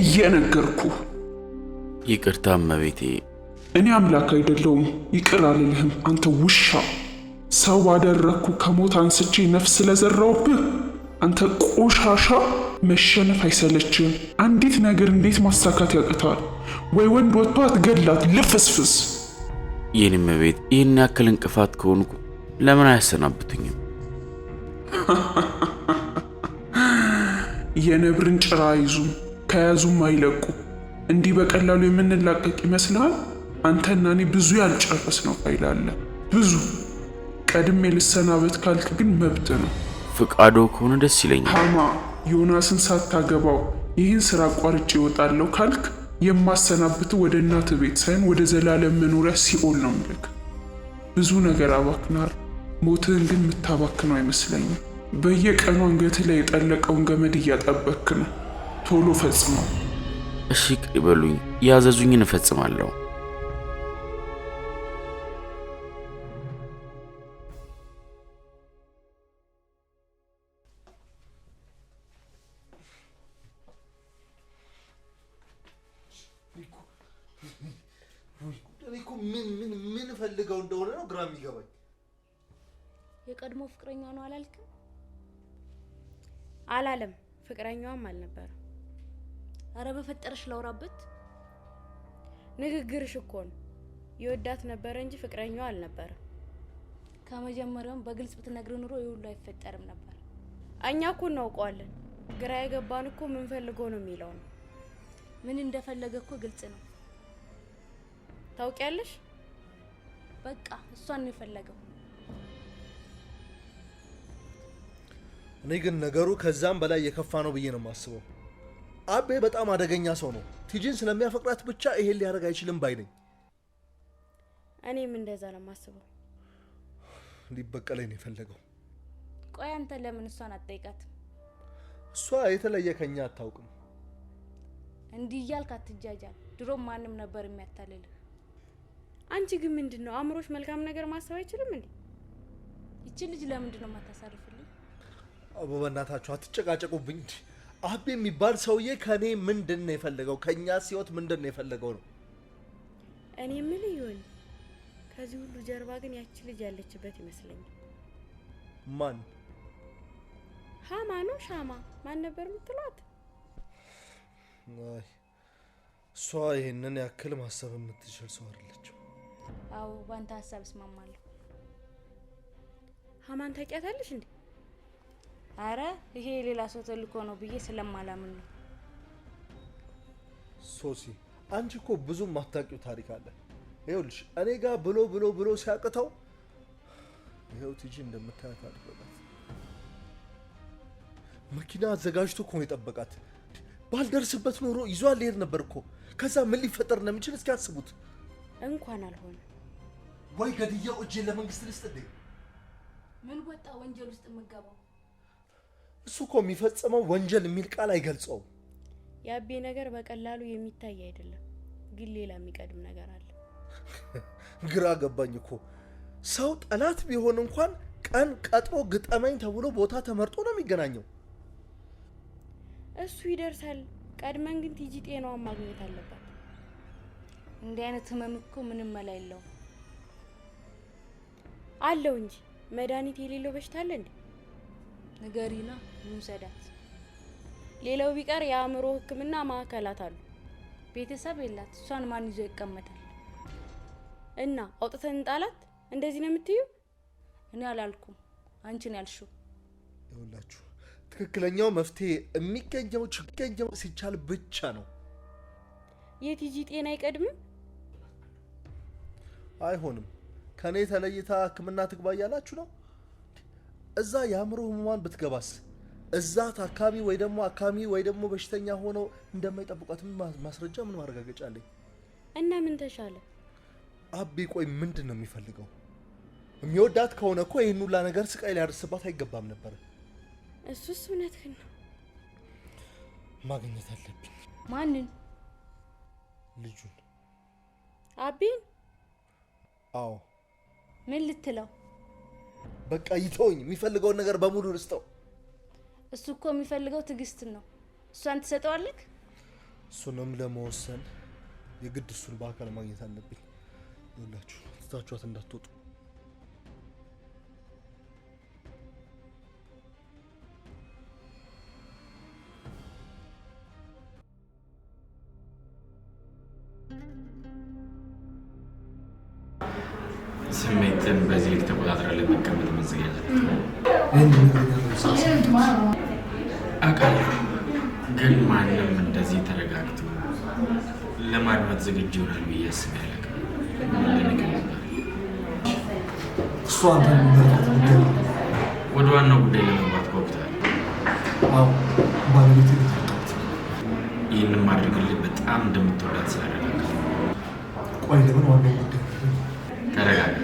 እየነገርኩ። ይቅርታ እመቤቴ። እኔ አምላክ አይደለውም ይቅር አልልህም። አንተ ውሻ ሰው ባደረግኩ ከሞት አንስቼ ነፍስ ስለዘራውብህ አንተ ቆሻሻ መሸነፍ አይሰለችም። አንዲት ነገር እንዴት ማሳካት ያቅታል? ወይ ወንድ ወጥቶ አትገድላት ልፍስፍስ። ይህን እመቤት፣ ይህን ያክል እንቅፋት ከሆንኩ ለምን አያሰናብቱኝም? የነብርን ጭራ አይዙም። ከያዙም አይለቁ። እንዲህ በቀላሉ የምንላቀቅ ይመስልሃል? አንተና እኔ ብዙ ያልጨረስ ፋይል አለ። ብዙ ቀድሜ ልሰናበት ካልክ ግን መብት ነው። ፍቃዶ ከሆነ ደስ ይለኛል። ሃማ ዮናስን ሳታገባው ይህን ስራ አቋርጬ ይወጣለሁ ካልክ የማሰናብት ወደ እናት ቤት ሳይሆን ወደ ዘላለም መኖሪያ ሲኦል ነው ምልክ። ብዙ ነገር አባክናል። ሞትህን ግን የምታባክነው አይመስለኝም። በየቀኑ አንገትህ ላይ የጠለቀውን ገመድ እያጠበክ ነው። ቶሎ ፈጽሙ። እሺ ይቅር በሉኝ፣ ያዘዙኝን እፈጽማለሁ። ምን ፈልገው እንደሆነ ነው ግራ የሚገባኝ። የቀድሞ ፍቅረኛ ነው አላልክም? አላለም። ፍቅረኛዋም አልነበረ አረ በፈጠረሽ ላውራበት። ንግግርሽ እኮ ነው። ይወዳት ነበረ እንጂ ፍቅረኛው አልነበረ። ከመጀመሪያውም በግልጽ ብትነግር ኑሮ ይህ ሁሉ አይፈጠርም ነበር። እኛ እኮ እናውቀዋለን። ግራ የገባን እኮ ምን ፈልጎ ነው የሚለው ነው። ምን እንደፈለገ እኮ ግልጽ ነው። ታውቂያለሽ? በቃ እሷን ነው የፈለገው። እኔ ግን ነገሩ ከዛም በላይ የከፋ ነው ብዬ ነው የማስበው። አቤ በጣም አደገኛ ሰው ነው። ቲጂን ስለሚያፈቅራት ብቻ ይሄን ሊያደርግ አይችልም ባይ ነኝ። እኔም እንደዛ ነው የማስበው። ሊበቀለኝ ነው የፈለገው። ቆይ አንተ ለምን እሷን አትጠይቃትም? እሷ የተለየ ከኛ አታውቅም። እንዲህ እያልክ አትጃጃል። ድሮም ማንም ነበር የሚያታልልህ። አንቺ ግን ምንድን ነው አእምሮሽ መልካም ነገር ማሰብ አይችልም እንዴ? ይቺ ልጅ ለምንድን ነው የማታሳርፍልኝ? አቦ በእናታችሁ አትጨቃጨቁብኝ። አቤ የሚባል ሰውዬ ከኔ ምንድን ነው የፈለገው? ከእኛ ሲወት ምንድን ነው የፈለገው ነው። እኔ ምን ይሆን ከዚህ ሁሉ ጀርባ ግን ያቺ ልጅ ያለችበት ይመስለኛል። ማን? ሀማ ነው ሻማ? ማን ነበር የምትሏት? አይ እሷ ይህንን ያክል ማሰብ የምትችል ሰው አይደለችው። አዎ፣ ባንተ ሀሳብ እስማማለሁ። ሀማን ታውቂያታለሽ እንዴ? አረ ይሄ የሌላ ሰው ተልኮ ነው ብዬ ስለማላምን ነው። ሶሲ አንቺ እኮ ብዙም ማታውቂው ታሪክ አለ። ይኸውልሽ እኔ ጋር ብሎ ብሎ ብሎ ሲያቅተው ይኸው ቲጂ እንደምታያት አድርገባት። መኪና አዘጋጅቶ እኮ ነው የጠበቃት። ባልደርስበት ኖሮ ይዟል ሊሄድ ነበር እኮ። ከዛ ምን ሊፈጠር እንደሚችል እስኪ አስቡት። እንኳን አልሆነ ወይ ገድያው እጄን ለመንግስት ልስጥ ምን ወጣ ወንጀል ውስጥ የምገባው እሱ እኮ የሚፈጽመው ወንጀል የሚል ቃል አይገልጸውም። የአቤ ነገር በቀላሉ የሚታይ አይደለም፣ ግን ሌላ የሚቀድም ነገር አለ። ግራ ገባኝ እኮ ሰው ጠላት ቢሆን እንኳን ቀን ቀጥሮ ግጠመኝ ተብሎ ቦታ ተመርጦ ነው የሚገናኘው። እሱ ይደርሳል። ቀድመን ግን ቲጂ ጤናዋን ማግኘት አለባት። እንዲህ አይነት ህመም እኮ ምንም መላ የለውም። አለው እንጂ መድኃኒት የሌለው በሽታ አለ እንዴ? ንገሪና እንውሰዳት። ሌላው ቢቀር የአእምሮ ሕክምና ማዕከላት አሉ። ቤተሰብ የላት፣ እሷን ማን ይዞ ይቀመጣል? እና አውጥተን እንጣላት? እንደዚህ ነው የምትዩ? እኔ አላልኩም፣ ነው ያልሽው። ይኸውላችሁ ትክክለኛው መፍትሄ የሚገኘው ችግር ሲቻል ብቻ ነው። የቲጂ ጤና አይቀድምም። አይሆንም። ከእኔ ተለይታ ህክምና ትግባ እያላችሁ ነው እዛ የአእምሮ ህሙማን ብትገባስ እዛ ታካሚ ወይ ደግሞ አካሚ ወይ ደግሞ በሽተኛ ሆነው እንደማይጠብቋት ማስረጃ ምን ማረጋገጫ አለኝ? እና ምን ተሻለ አቢ ቆይ ምንድን ነው የሚፈልገው? የሚወዳት ከሆነ እኮ ይህን ሁላ ነገር ስቃይ ሊያደርስባት አይገባም ነበር። እሱስ እውነትህን ነው። ማግኘት አለብኝ። ማንን? ልጁን። አቢን? አዎ። ምን ልትለው በቃ ይተወኝ፣ የሚፈልገውን ነገር በሙሉ ልስጠው። እሱ እኮ የሚፈልገው ትዕግስትን ነው። እሷን ትሰጠዋለክ። እሱንም ለመወሰን የግድ እሱን በአካል ማግኘት አለብኝ። ሁላችሁ ትታችኋት እንዳትወጡ ለማድመጥ ዝግጁ ይሆናል ብዬ አስቤያለሁ። ወደ ዋናው ጉዳይ ለመግባት ጓጉታል። ባለቤት ይህንን ማድረግልህ በጣም እንደምትወዳት ስላደረግህ፣ ቆይ ለምን ዋናው ጉዳይ ተረጋጋ።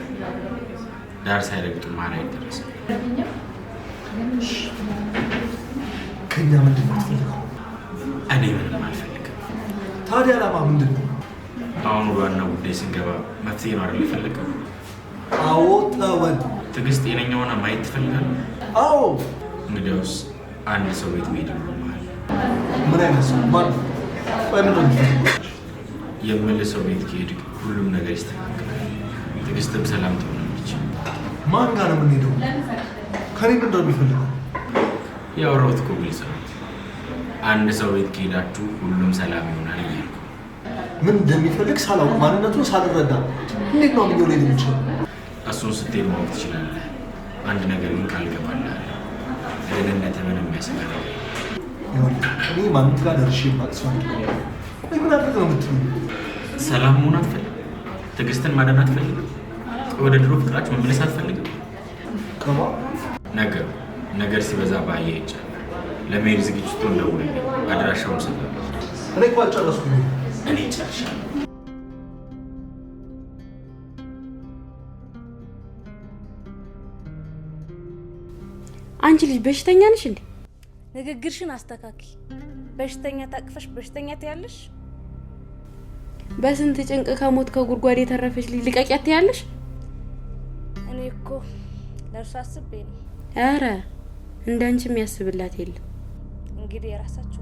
ዳር ሳይረግጡ ማን አይደረስም። ከኛ ምንድን ነው ታዲያ አላማ ምንድን ነው? አሁን ዋና ጉዳይ ስንገባ መፍትሄ ነው አይደል የፈለግከው? አዎ ጠወን ትዕግስት ጤነኛ ሆና ማየት ትፈልጋለህ? አዎ እንግዲያውስ አንድ ሰው ቤት መሄድ ነው። ምን አይነት ሰው ማለት ነው? የምልህ ሰው ቤት ከሄድ ሁሉም ነገር ይስተካከላል። ትዕግስትም ሰላም ትሆናለች። ማን ጋር ነው የምንሄደው? ከኔ ምንድን ነው የሚፈልገው? ያወራሁት እኮ ግልጽ ነው። አንድ ሰው ቤት ከሄዳችሁ ሁሉም ሰላም ይሆናል። ምን እንደሚፈልግ ሳላውቅ ማንነቱን ሳልረዳ እንዴት ነው ምኞ ሌድ የሚችለው? እሱን ስትሄድ ማወቅ ትችላለህ። አንድ ነገር ግን ቃል ገባልህ፣ ለደህንነት ምንም የሚያሰጋ ነገር እኔ ማንት ጋር ደርሼ ማቅስ ምን አድርግ ነው የምትሉ? ሰላም መሆን አትፈልግም? ትዕግስትን ማዳን አትፈልግም? ወደ ድሮ ፍቅራችሁ መመለስ አትፈልግም? ከማ ነገር ነገር ሲበዛ ባየ ይጫል ለመሄድ ዝግጅቱ እንደውለ አድራሻውን ሰጠ። እኔ እኮ አልጨረስኩም። እኔ ጨርሻለሁ። አንቺ ልጅ በሽተኛ ነሽ እንዴ? ንግግርሽን አስተካኪ። በሽተኛ ታቅፈሽ በሽተኛ ትያለሽ። በስንት ጭንቅ ከሞት ከጉድጓድ የተረፈች ልጅ ልቀቂያት ትያለሽ። እኔ እኮ ለእርሱ አስቤ ነው። ኧረ እንዳንቺ የሚያስብላት የለም። እንግዲህ የራሳችሁ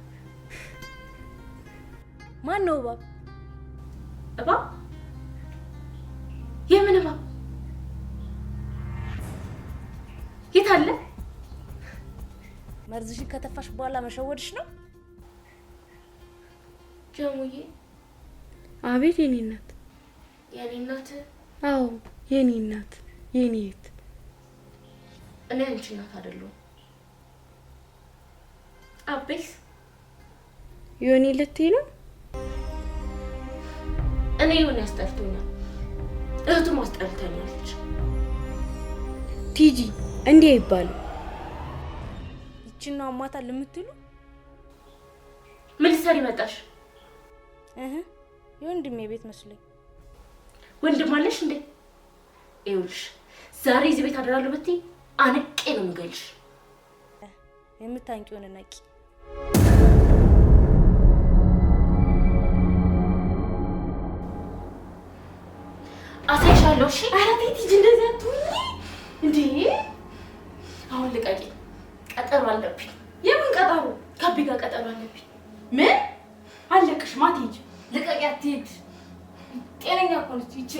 ማን ነው እባብ? እባብ? የምን እባብ? የት አለ? መርዝሽን ከተፋሽ በኋላ መሸወድሽ ነው ጀሙዬ። አቤት የኔ እናት፣ የኔ እናት። አዎ የኔ እናት፣ የኔ የት እኔ አንቺ እናት አይደለሁም። አቤት ዮኒ ልትይ ነው? እኔ ይሁን ያስጠልቶኛል፣ እህቱም አስጠልተኛለች። ቲጂ እንዲህ አይባልም። ይችና አማታ ለምትሉ ምን ሰሪ የወንድሜ ቤት መስሎኝ። ወንድም አለሽ እንዴ? ይኸውልሽ ዛሬ እዚህ ቤት አደራለሁ ብትይ አንቄ ነው የምገልሽ። የምታንቂውን ነቂ እሄዳለሁ። እሺ፣ ኧረ ተይ ቲጂ፣ እንደዚያ አትሁኚ እንዴ። አሁን ልቀቂ፣ ቀጠሮ አለብኝ። የምን ቀጠሮ? ከቢ ጋር ቀጠሮ አለብኝ። ምን አለቅሽ? ልቀቂ፣ ጤነኛ እኮ ነች ይቺ፣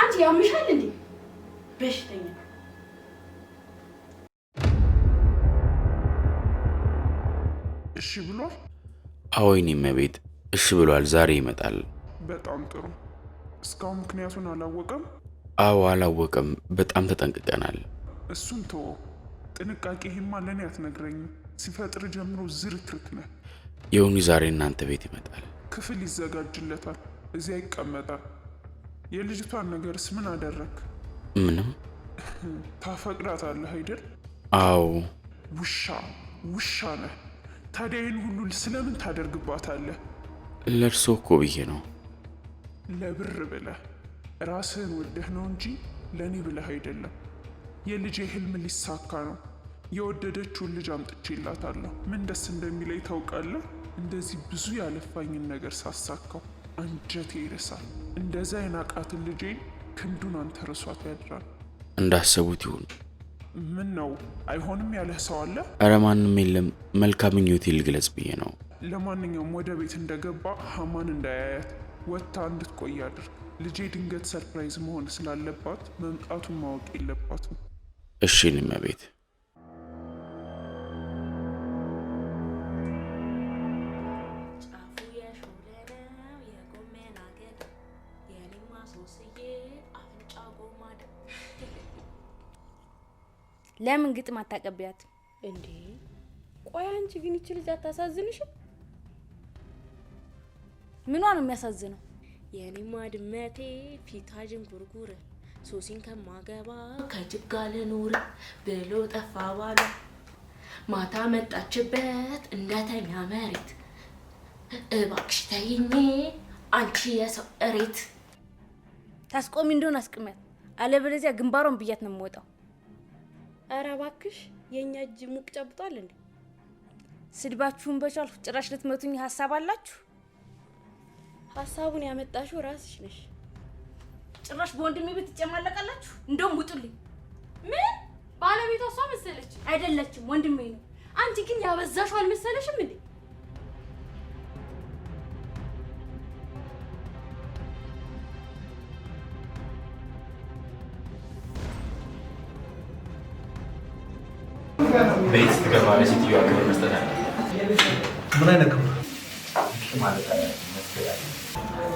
አንቺ ያምሻል እንዴ? በሽተኛ እሺ ብሏል። አዎ እመቤት፣ እሺ ብሏል። ዛሬ ይመጣል። በጣም ጥሩ እስካሁን ምክንያቱን አላወቀም? አዎ አላወቀም። በጣም ተጠንቅቀናል። እሱን ተወ። ጥንቃቄ ይሄማ ለእኔ አትነግረኝም። ሲፈጥር ጀምሮ ዝርክርክ ነህ። የውኒ ዛሬ እናንተ ቤት ይመጣል። ክፍል ይዘጋጅለታል። እዚያ ይቀመጣል። የልጅቷን ነገርስ ምን አደረግ? ምንም። ታፈቅዳታለህ አይደል? አዎ። ውሻ ውሻ ነህ። ታዲያ ይህን ሁሉ ስለምን ታደርግባታለህ? ለእርሶ እኮ ብዬ ነው ለብር ብለህ ራስህን ወደህ ነው እንጂ ለእኔ ብለህ አይደለም። የልጄ ህልም ሊሳካ ነው። የወደደችውን ልጅ አምጥቼላታለሁ። ምን ደስ እንደሚለኝ ታውቃለህ? እንደዚህ ብዙ ያለፋኝን ነገር ሳሳካው አንጀቴ ይርሳል። እንደዚያ የናቃትን ልጄን ክንዱን አንተርሷት ያድራል። እንዳሰቡት ይሁን። ምን ነው አይሆንም ያለህ ሰው አለ? እረ ማንም የለም። መልካም ምኞቴን ልግለጽ ብዬ ነው። ለማንኛውም ወደ ቤት እንደገባ ሀማን እንዳያያት ወጥታ እንድትቆይ አድርግ። ልጄ ድንገት ሰርፕራይዝ መሆን ስላለባት መምጣቱን ማወቅ የለባትም። እሺ እመቤቴ። ለምን ግጥም አታቀብያት እንዴ? ቆይ አንቺ ግን ይቺ ልጅ አታሳዝንሽም? ምኗ ነው የሚያሳዝነው? የኔማ ድመቴ ፊታ ዥንጉርጉር ሶሲን ከማገባ ከጅብ ጋር ልኑር ብሎ ጠፋ ባሏ። ማታ መጣችበት እንደተኛ መሬት እባክሽ ተይኝ አንቺ የሰው እሬት። ታስቆሚ እንደሆን አስቅመት፣ አለበለዚያ ግንባሯን ብያት ነው የምወጣው። ኧረ እባክሽ የእኛ እጅ ሙቅ ጨብጧል እንዴ? ስድባችሁን በቻልሁ ጭራሽ ልትመቱኝ ሀሳብ አላችሁ። ሀሳቡን ያመጣሽው ራስሽ ነሽ። ጭራሽ በወንድሜ ቤት ትጨማለቃላችሁ። እንደውም ውጡልኝ። ምን ባለቤቷ እሷ መሰለች? አይደለችም፣ ወንድሜ ነው። አንቺ ግን ያበዛሽው አልመሰለሽም እንዴ? ቤት ስትገባ ለሴትዮዋ ክብር መስጠት አለ። ምን አይነት ክብር ማለት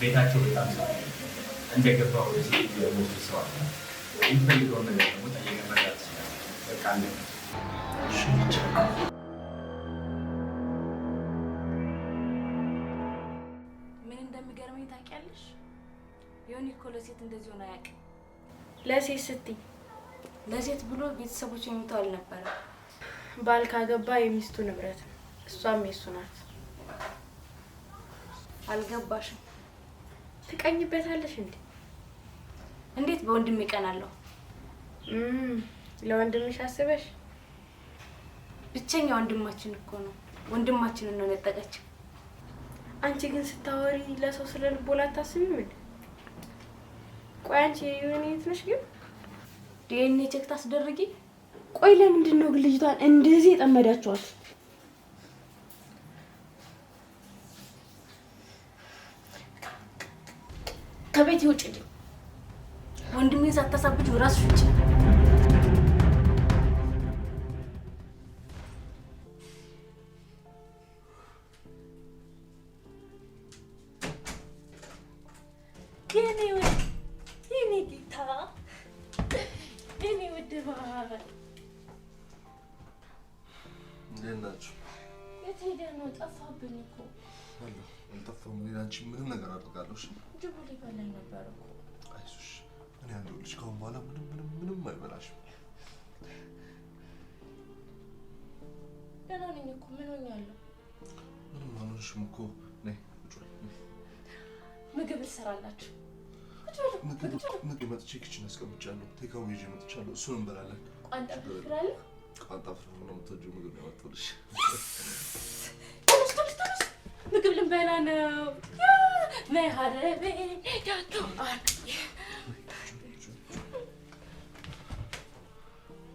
ቤታቸው በጣም እንደገባው ሰው የሚፈልገውን ነገር ደግሞ ጠየቀበት በቃ ምን እንደሚገርመኝ ታውቂያለሽ? የሆነ እኮ ለሴት እንደዚህ ሆነ አያውቅም። ለሴት ስትይ ለሴት ብሎ ቤተሰቦች የሚተው አልነበረም። ባል ካገባ የሚስቱ ንብረት ነው፣ እሷም የሱ ናት። አልገባሽም? ትቀኝበታለሽ እንዴ? እንዴት በወንድም ይቀናለሁ? ለወንድምሽ አስበሽ። ብቸኛ ወንድማችን እኮ ነው። ወንድማችንን ነው ነጠቀችው። አንቺ ግን ስታወሪ ለሰው ስለ ልቦና አታስቢም እንዴ? ቆይ አንቺ የዩኒት ነሽ ግን ዲኤንኤ ቼክ ታስደርጊ ቆይ ለምንድን ነው ግን ልጅቷን እንደዚህ የጠመዳችኋት? ከቤት ይውጭ እንጂ ወንድሜን ሳታሳብጁ ራስሽ ውጭ። የኔ ጌታ የኔ ውድ እንዴት ናችሁ? የት ሄደህ ነው? ጠፋብኝ እኮ። አልጠፋሁም። እኔ ለአንቺ ምንም ነገር አድርጋለሁ? ጅቡ ሊበላኝ ነበር እኮ። አይዞሽ፣ እኔ ያለሁልሽ። ከአሁን በኋላ ምንም ምንም ምንም አይበላሽም። ደህና ነኝ እኮ። ምን ሆኛለሁ? ምንም አልሆንሽም እኮ። ነይ ምግብ ልሰራላችሁ። ምግብ መጥቼ ኪችን አስቀምጫለሁ። ቴካዊ ይዤ መጥቻለሁ። እሱን እንበላለን። ቋንጣ ትላለህ አጣፍሽ ነው የምትወጂው ምግብ ነው የመጣሁልሽ። ምግብ ልንበላ ነው።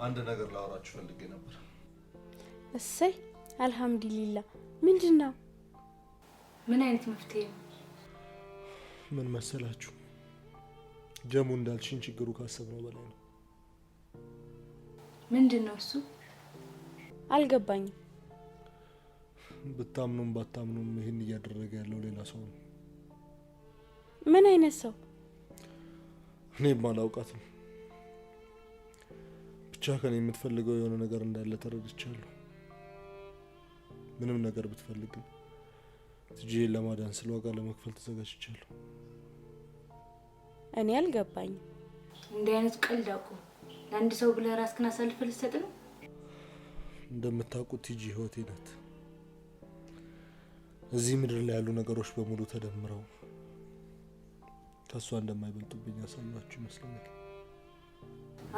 አንድ ነገር ላወራችሁ ፈልጌ ነበር። እሰይ አልሐምዱሊላ። ምንድን ነው? ምን አይነት መፍትሄ ነው? ምን መሰላችሁ ጀሙ፣ እንዳልሽን ችግሩ ካሰብነው በላይ ነው። ምንድን ነው እሱ? አልገባኝም። ብታምኑም ባታምኑም ይህን እያደረገ ያለው ሌላ ሰው ነው። ምን አይነት ሰው? እኔም አላውቃትም። ብቻ ከኔ የምትፈልገው የሆነ ነገር እንዳለ ተረድቻለሁ። ምንም ነገር ብትፈልግም ትጂዬን ለማዳን ስለ ዋጋ ለመክፈል ተዘጋጅቻለሁ። እኔ አልገባኝም። እንዲህ አይነት ቀልድ አቁም። ለአንድ ሰው ብለህ ራስክን አሳልፈ ልሰጥ ነው? እንደምታውቁት ቲጂ ህይወቴ ናት። እዚህ ምድር ላይ ያሉ ነገሮች በሙሉ ተደምረው ከእሷ እንደማይበልጡብኝ ያሳማችሁ ይመስለኛል።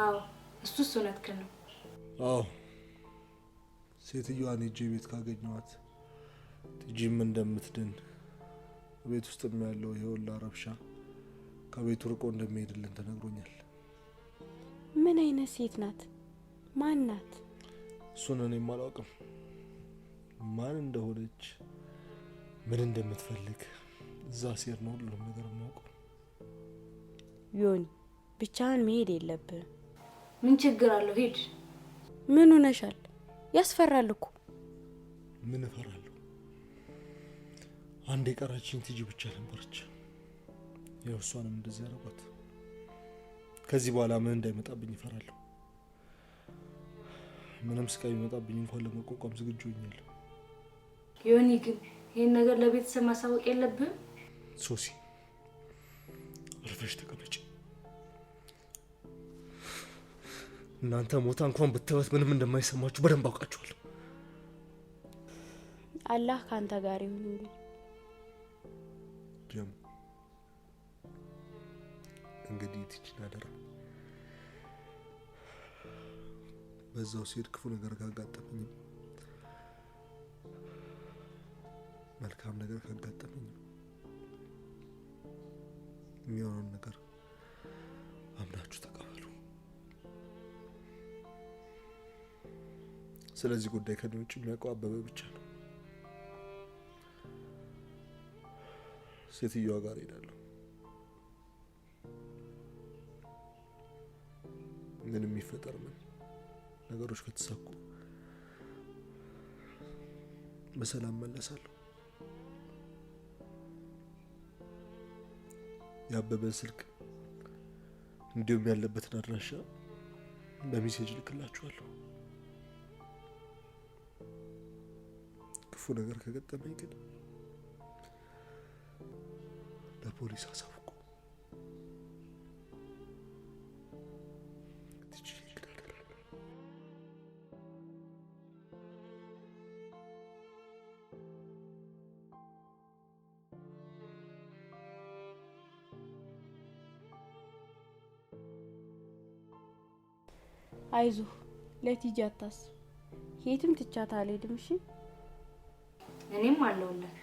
አዎ እሱስ እውነትህን ነው። አዎ ሴትዮዋን ሂጄ ቤት ካገኘዋት ትጂም እንደምትድን ቤት ውስጥም ያለው የወላ ረብሻ ከቤቱ ርቆ እንደሚሄድልን ተነግሮኛል። ምን አይነት ሴት ናት? ማን ናት? እሱን እኔም አላውቅም። ማን እንደሆነች ምን እንደምትፈልግ እዛ ሴር ነው ሁሉም ነገር ማውቁ። ዮኒ ብቻህን መሄድ የለብህም። ምን ችግር አለው? ሂድ። ምን ሆነሻል? ያስፈራል እኮ። ምን እፈራለሁ? አንድ የቀራችን ትጂ ብቻ ነበረች። ያው እሷንም እንደዚህ ያረጓት ከዚህ በኋላ ምን እንዳይመጣብኝ ይፈራለሁ። ምንም ስቃይ ይመጣብኝ እንኳን ለመቋቋም ዝግጁ ይኛል። ዮኒ ግን ይህን ነገር ለቤተሰብ ማሳወቅ የለብህም። ሶሲ ረፈሽ ተቀመጭ። እናንተ ሞታ እንኳን ብትበት ምንም እንደማይሰማችሁ በደንብ አውቃችኋለሁ። አላህ ከአንተ ጋር ይሁን። እንግዲህ ትችን አደራ በዛው ሲሄድ ክፉ ነገር ካጋጠመኝም መልካም ነገር ካጋጠመኝም የሚሆነውን ነገር አምናችሁ ተቀበሉ። ስለዚህ ጉዳይ ከኔ ውጭ የሚያውቀው አበበ ብቻ ነው። ሴትዮዋ ጋር ሄዳለሁ። ምን የሚፈጠር ምን ነገሮች ከተሳኩ በሰላም መለሳለሁ። የአበበን ስልክ እንዲሁም ያለበትን አድራሻ በሚሴጅ ልክላችኋለሁ። ክፉ ነገር ከገጠመኝ ግን ለፖሊስ አሳው አይዞህ ለቲጂ አታስብ፣ የትም ትቻት አልሄድም። እሺ እኔም አለሁላት።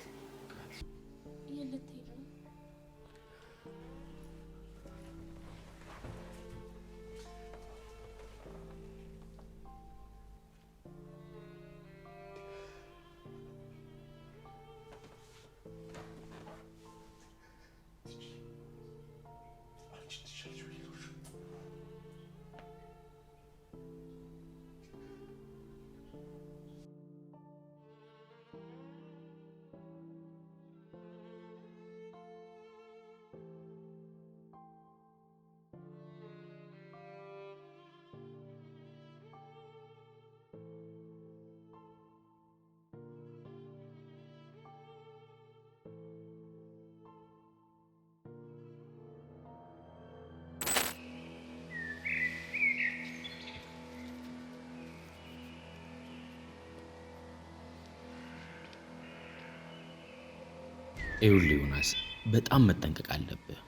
ይኸውልህ ዮናስ፣ በጣም መጠንቀቅ አለብህ።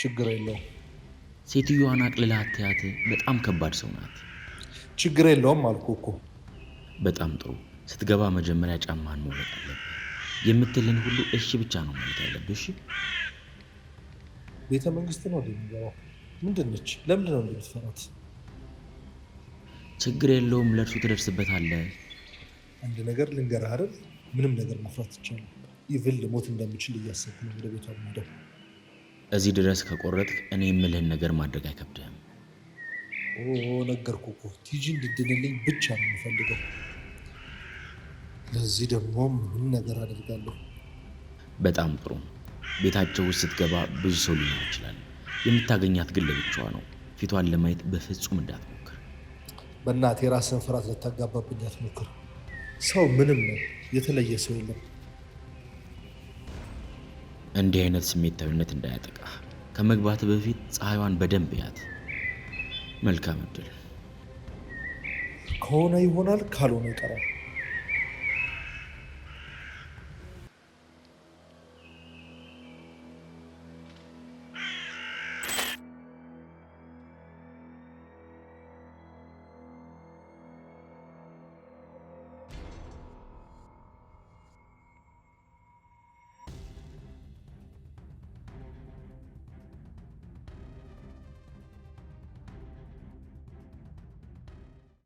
ችግር የለውም። ሴትዮዋን አቅልለህ አትያት። በጣም ከባድ ሰው ናት። ችግር የለውም አልኩ እኮ። በጣም ጥሩ። ስትገባ መጀመሪያ ጫማን መውለቅ አለብህ። የምትልን ሁሉ እሺ ብቻ ነው ማለት ያለብህ። እሺ። ቤተ መንግስት ነው የሚገባው። ምንድን ነች? ለምንድን ነው እንደምትፈራት? ችግር የለውም። ለእርሱ ትደርስበታለህ። አንድ ነገር ልንገርህ አይደል? ምንም ነገር መፍራት ይቻላል ይብል ልሞት እንደምችል እያሰብኩ ነው ወደ ቤቷ የምሄደው። እዚህ ድረስ ከቆረጥክ እኔ የምልህን ነገር ማድረግ አይከብድህም። ነገርኩ እኮ ቲጂ እንድድንልኝ ብቻ ነው የምፈልገው። ለዚህ ደግሞ ምን ነገር አደርጋለሁ። በጣም ጥሩ። ቤታቸው ውስጥ ስትገባ ብዙ ሰው ሊኖር ይችላል። የምታገኛት ግን ለብቻዋ ነው። ፊቷን ለማየት በፍጹም እንዳትሞክር። በእናቴ የራስን ፍርሃት ልታጋባብኝ አትሞክር። ሰው ምንም ነው፣ የተለየ ሰው የለም። እንዲህ አይነት ስሜታዊነት እንዳያጠቃ ከመግባት በፊት ፀሐይዋን በደንብ ያት። መልካም እድል። ከሆነ ይሆናል፣ ካልሆነ ይቀራል።